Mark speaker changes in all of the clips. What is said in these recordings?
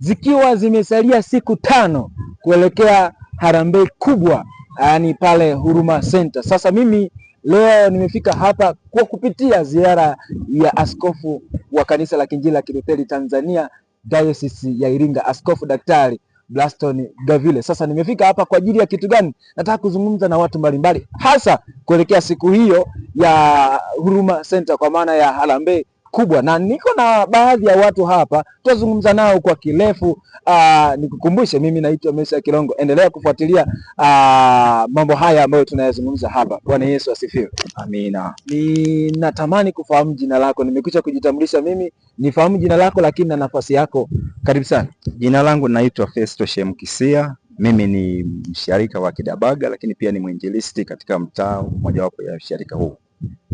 Speaker 1: zikiwa zimesalia siku tano kuelekea harambee kubwa, yaani pale Huruma Center. Sasa mimi leo nimefika hapa kwa kupitia ziara ya askofu wa kanisa la Kiinjili la Kilutheri Tanzania Dayosisi ya Iringa, Askofu Daktari Blaston Gavile. Sasa nimefika hapa kwa ajili ya kitu gani? Nataka kuzungumza na watu mbalimbali, hasa kuelekea siku hiyo ya Huruma Center, kwa maana ya harambee kubwa, na niko na baadhi ya watu hapa, tutazungumza nao kwa kirefu. Ah, nikukumbushe, mimi naitwa Meshack Kilongo, endelea kufuatilia ah, mambo haya ambayo tunayazungumza hapa. Bwana Yesu asifiwe,
Speaker 2: amina.
Speaker 1: Ninatamani kufahamu jina lako, nimekwisha kujitambulisha mimi, nifahamu jina lako lakini na nafasi yako.
Speaker 2: Karibu sana. Jina langu naitwa Festo Shemkisia. Mimi ni msharika wa Kidabaga, lakini pia ni mwinjilisti katika mtaa mmojawapo ya msharika huu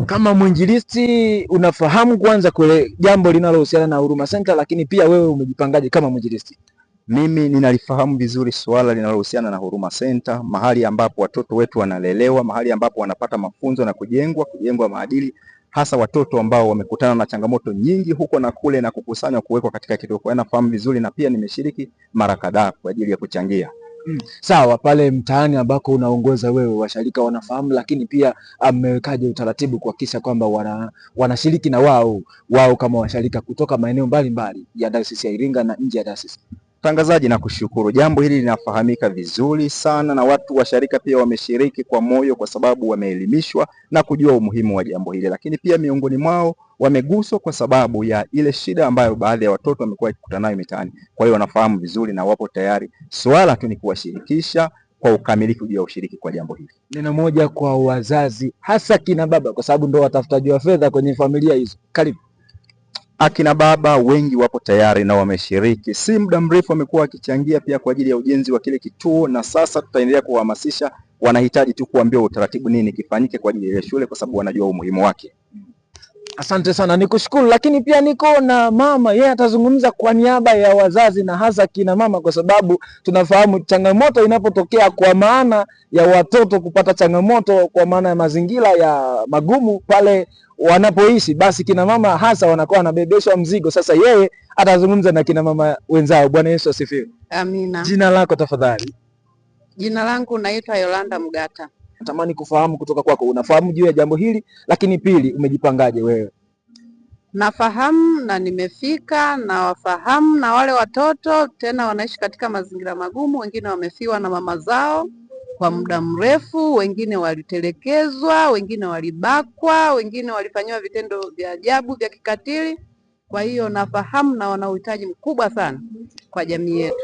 Speaker 1: kama mwinjilisti unafahamu kwanza kule jambo linalohusiana na Huruma Center, lakini pia wewe umejipangaje kama mwinjilisti?
Speaker 2: Mimi ninalifahamu vizuri suala linalohusiana na Huruma Center, mahali ambapo watoto wetu wanalelewa, mahali ambapo wanapata mafunzo na kujengwa kujengwa maadili, hasa watoto ambao wamekutana na changamoto nyingi huko na kule na kukusanywa kuwekwa katika kituo. Nafahamu vizuri na pia nimeshiriki mara kadhaa kwa ajili ya kuchangia
Speaker 1: Mm. Sawa, pale mtaani ambako unaongoza wewe washarika wanafahamu, lakini pia amewekaje ah, utaratibu kuhakikisha kwamba wana, wanashiriki na wao wao kama washarika kutoka maeneo mbalimbali ya Dayosisi ya Iringa na nje ya Dayosisi?
Speaker 2: Mtangazaji, na kushukuru. Jambo hili linafahamika vizuri sana na watu wa sharika pia wameshiriki kwa moyo, kwa sababu wameelimishwa na kujua umuhimu wa jambo hili, lakini pia miongoni mwao wameguswa kwa sababu ya ile shida ambayo baadhi ya watoto wamekuwa wakikutana nayo mitaani. Kwa hiyo wanafahamu vizuri na wapo tayari, swala tu ni kuwashirikisha kwa ukamilifu juu ya ushiriki kwa jambo hili.
Speaker 1: Neno moja kwa wazazi, hasa kina baba, kwa sababu ndo watafutaji wa fedha kwenye familia hizo. Karibu.
Speaker 2: Akina baba wengi wapo tayari na wameshiriki, si muda mrefu wamekuwa wakichangia pia kwa ajili ya ujenzi wa kile kituo, na sasa tutaendelea kuwahamasisha. Wanahitaji tu kuambiwa utaratibu nini kifanyike kwa ajili ya shule, kwa sababu wanajua umuhimu wake.
Speaker 1: Asante sana, nikushukuru. Lakini pia niko na mama, yeye atazungumza kwa niaba ya wazazi na hasa kina mama, kwa sababu tunafahamu changamoto inapotokea kwa maana ya watoto kupata changamoto kwa maana ya mazingira ya magumu pale wanapoishi, basi kina mama hasa wanakuwa wanabebeshwa mzigo. Sasa yeye atazungumza na kina mama wenzao. Bwana Yesu asifiwe. Amina. Jina lako tafadhali?
Speaker 3: Jina langu naitwa Yolanda Mgata.
Speaker 1: Natamani kufahamu kutoka kwako, unafahamu juu ya jambo hili, lakini pili, umejipangaje wewe?
Speaker 3: Nafahamu na nimefika, na wafahamu na wale watoto tena wanaishi katika mazingira magumu, wengine wamefiwa na mama zao kwa muda mrefu, wengine walitelekezwa, wengine walibakwa, wengine walifanyiwa vitendo vya ajabu vya kikatili. Kwa hiyo nafahamu na wana uhitaji mkubwa sana kwa jamii yetu.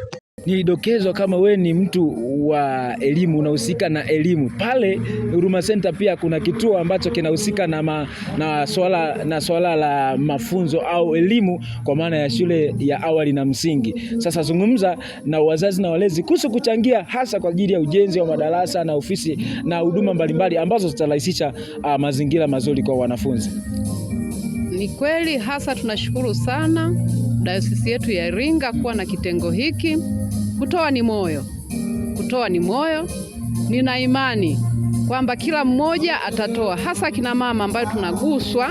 Speaker 1: Nilidokezwa kama we ni mtu wa elimu, unahusika na elimu. Pale Huruma Center pia kuna kituo ambacho kinahusika na, ma, na, swala, na swala la mafunzo au elimu kwa maana ya shule ya awali na msingi. Sasa zungumza na wazazi na walezi kuhusu kuchangia hasa kwa ajili ya ujenzi wa madarasa na ofisi na huduma mbalimbali ambazo zitarahisisha uh, mazingira mazuri kwa wanafunzi.
Speaker 4: Ni kweli hasa tunashukuru sana dayosisi yetu ya Iringa kuwa na kitengo hiki. Kutoa ni moyo, kutoa ni moyo. Nina imani kwamba kila mmoja atatoa, hasa kina mama ambayo tunaguswa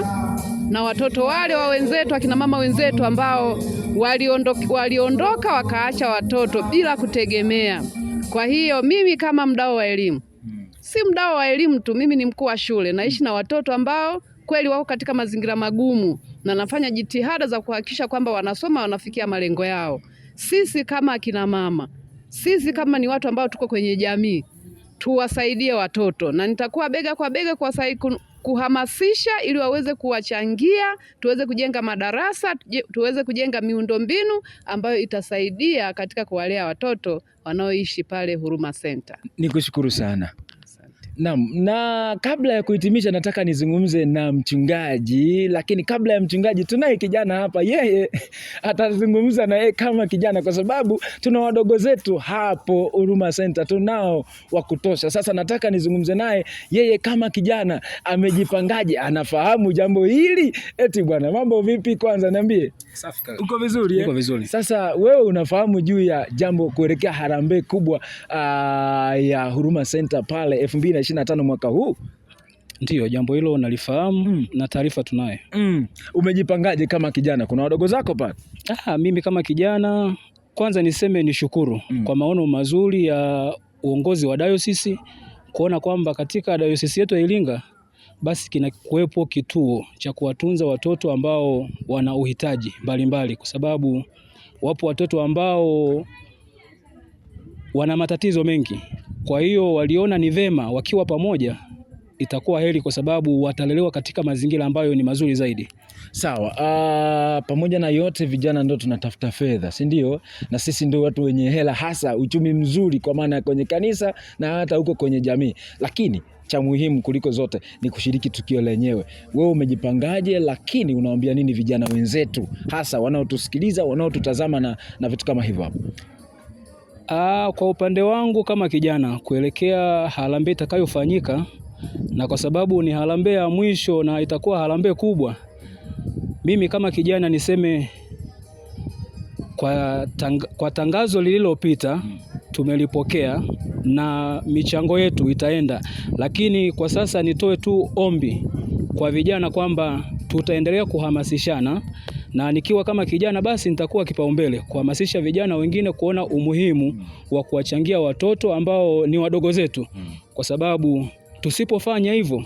Speaker 4: na watoto wale wa wenzetu, akina mama wenzetu ambao waliondoka, waliondoka wakaacha watoto bila kutegemea. Kwa hiyo mimi kama mdau wa elimu, si mdau wa elimu tu, mimi ni mkuu wa shule, naishi na watoto ambao kweli wako katika mazingira magumu, na nafanya jitihada za kuhakikisha kwamba wanasoma, wanafikia malengo yao sisi kama akina mama, sisi kama ni watu ambao tuko kwenye jamii, tuwasaidie watoto, na nitakuwa bega kwa bega kwa kuhamasisha ili waweze kuwachangia, tuweze kujenga madarasa, tuweze kujenga miundombinu ambayo itasaidia katika kuwalea watoto wanaoishi pale Huruma Center.
Speaker 1: Nikushukuru sana. Naam, na kabla ya kuhitimisha nataka nizungumze na mchungaji, lakini kabla ya mchungaji tunaye kijana hapa, yeye atazungumza na yeye kama kijana, kwa sababu tuna wadogo zetu hapo Huruma Center, tunao wa kutosha. Sasa nataka nizungumze naye yeye kama kijana, amejipangaje? Anafahamu jambo hili? Eti bwana, mambo vipi? Kwanza niambie. Safi Uko vizuri eh? Uko vizuri. Sasa wewe unafahamu juu ya jambo kuelekea harambee kubwa uh, ya Huruma Center pale 2025 mwaka huu?
Speaker 5: Ndiyo, jambo hilo nalifahamu mm. na taarifa tunaye
Speaker 1: mm. Umejipangaje kama kijana? Kuna wadogo zako pale?
Speaker 5: Ah, mimi kama kijana kwanza niseme ni shukuru mm. kwa maono mazuri ya uongozi wa dayosisi kuona kwamba katika dayosisi yetu ya Iringa basi kinakuwepo kituo cha kuwatunza watoto ambao wana uhitaji mbalimbali, kwa sababu wapo watoto ambao wana matatizo mengi. Kwa hiyo waliona ni vema wakiwa pamoja itakuwa heri kwa sababu watalelewa katika mazingira ambayo ni mazuri zaidi.
Speaker 1: Sawa. Uh, pamoja na yote, vijana ndio tunatafuta fedha, si ndio? Na sisi ndio watu wenye hela, hasa uchumi mzuri, kwa maana kwenye kanisa na hata huko kwenye jamii, lakini cha muhimu kuliko zote ni kushiriki tukio lenyewe. Wewe umejipangaje? Lakini unawambia nini vijana wenzetu, hasa wanaotusikiliza, wanaotutazama na, na vitu kama hivyo hapo?
Speaker 5: Ah, kwa upande wangu kama kijana kuelekea harambee itakayofanyika na kwa sababu ni harambee ya mwisho na itakuwa harambee kubwa, mimi kama kijana niseme kwa, tang, kwa tangazo lililopita hmm tumelipokea na michango yetu itaenda, lakini kwa sasa nitoe tu ombi kwa vijana kwamba tutaendelea kuhamasishana na nikiwa kama kijana basi nitakuwa kipaumbele kuhamasisha vijana wengine kuona umuhimu wa kuwachangia watoto ambao ni wadogo zetu, hmm. kwa sababu tusipofanya hivyo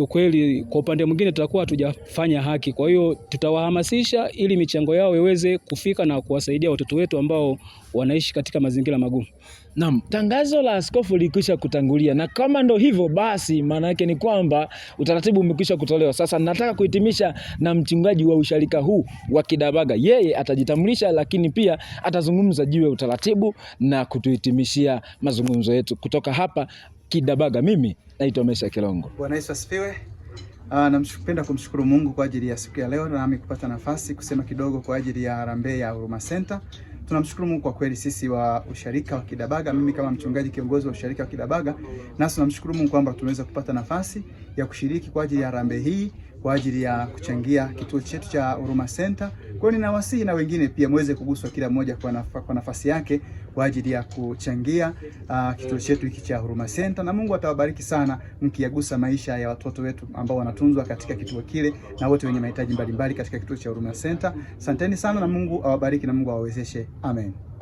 Speaker 5: kiukweli, kwa upande mwingine tutakuwa hatujafanya haki. Kwa hiyo tutawahamasisha ili michango yao iweze kufika na kuwasaidia watoto wetu ambao wanaishi katika mazingira magumu.
Speaker 1: Naam, tangazo la askofu lilikwisha kutangulia, na kama ndo hivyo basi, maana yake ni kwamba utaratibu umekwisha kutolewa. Sasa nataka kuhitimisha na mchungaji wa usharika huu wa Kidabaga, yeye atajitambulisha, lakini pia atazungumza juu ya utaratibu na kutuhitimishia mazungumzo yetu kutoka hapa Kidabaga. Mimi naitwa Mesha Kilongo.
Speaker 6: Bwana Yesu asifiwe. Ah, Napenda kumshukuru Mungu kwa ajili ya siku ya leo nami kupata nafasi kusema kidogo kwa ajili ya harambee ya Huruma Center. Tunamshukuru Mungu kwa kweli, sisi wa usharika wa Kidabaga, mimi kama mchungaji kiongozi wa usharika wa Kidabaga, nasi tunamshukuru Mungu kwamba tumeweza kupata nafasi ya kushiriki kwa ajili ya harambee hii kwa ajili ya kuchangia kituo chetu cha Huruma Center kwa hiyo ninawasihi na wengine pia muweze kuguswa kila mmoja kwa, naf kwa nafasi yake kwa ajili ya kuchangia uh, kituo chetu hiki cha Huruma Center, na Mungu atawabariki sana mkiyagusa maisha ya watoto wetu ambao wanatunzwa katika kituo kile na wote wenye mahitaji mbalimbali katika kituo cha Huruma Center. Asanteni sana na Mungu awabariki na Mungu awawezeshe. Amen.